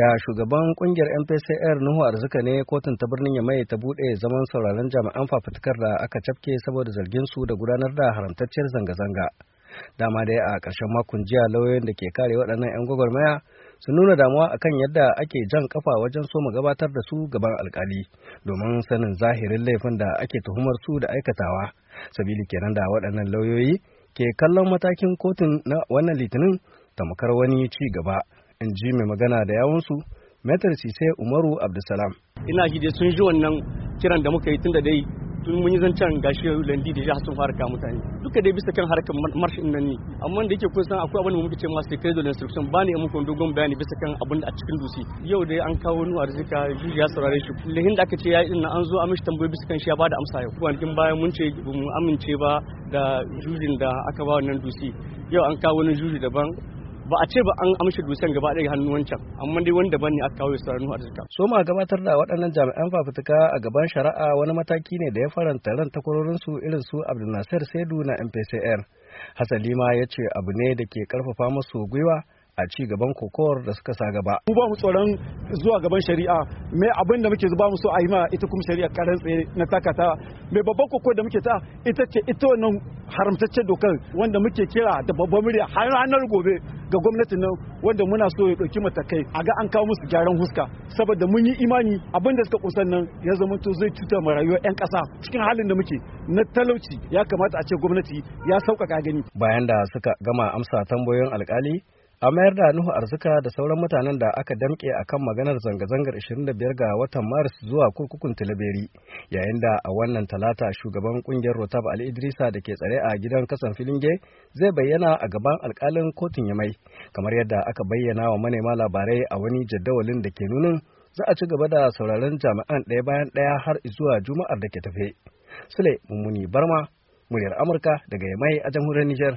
da shugaban kungiyar mpcr nuhu arzika ne kotun ta birnin ya mai ta bude zaman sauraron jami'an fafutukar da aka cafke saboda zargin su da gudanar da haramtacciyar zanga-zanga dama dai a ƙarshen makon jiya lauyoyin da ke kare waɗannan 'yan gwagwarmaya sun nuna damuwa akan yadda ake jan kafa wajen soma gabatar da su gaban alkali domin sanin zahirin laifin da ake tuhumar su da aikatawa sabili kenan da waɗannan lauyoyi ke kallon matakin kotun na wannan litinin tamkar wani ci gaba in ji mai magana da yawunsu metar sisai umaru abdulsalam ina shi dai sun ji wannan kiran da muka yi tun da dai tun mun yi zancen gashi landi da sun fara kawo mutane duka dai bisa kan harkar marshin nan ne amma da yake kusan akwai abin da muke ce masu kai da instruction ba ne muku dogon bayani bisa kan abin da a cikin dusi yau dai an kawo nu arzika juji ya saurare shi lahin da aka ce ya ina an zo a mishi tambayoyi bisa kan shi ya amsa yau kwanakin bayan mun ce mu amince ba da jujin da aka ba wannan dusi yau an kawo wani juji daban ba a ce ba an amshi dusan gaba ɗaya hannun wancan amma dai wani daban ne aka kawo su ranar arzika. so ma gabatar da waɗannan jami'an fafutuka a gaban shari'a wani mataki ne da ya faranta ran takwarorin su irin su abdulnasir saidu na mpcr hasali ma ya ce abu ne da ke karfafa musu gwiwa a ci gaban kokowar da suka sa gaba. Mu ba mu tsoron zuwa gaban shari'a mai abin da muke ba mu so a yi ma ita kuma shari'a karan tsaye na takata mai babban koko da muke ta ita ce ita wannan haramtaccen dokar wanda muke kira da babban murya har ranar gobe ga gwamnatin nan wanda muna so ya ɗauki matakai a ga an kawo musu gyaran huska saboda mun yi imani abin da suka kusan nan ya zama to zai cuta ma rayuwar 'yan ƙasa cikin halin da muke na talauci ya kamata a ce gwamnati ya sauƙaƙa gani bayan da suka gama amsa tambayoyin alƙali. a mayar da nuhu arzika da sauran mutanen da aka damke a kan maganar zanga-zangar 25 ga watan maris zuwa kurkukun tilaberi yayin da a wannan talata shugaban kungiyar rotab ali idrisa da ke tsare a gidan kasan filinge zai bayyana a gaban alkalin kotun yamai kamar yadda aka bayyana wa manema labarai a wani jadawalin da ke nunin za a ci gaba da sauraron jami'an ɗaya bayan ɗaya har zuwa juma'ar da ke tafe sule mummuni barma muryar amurka daga yamai a jamhuriyar niger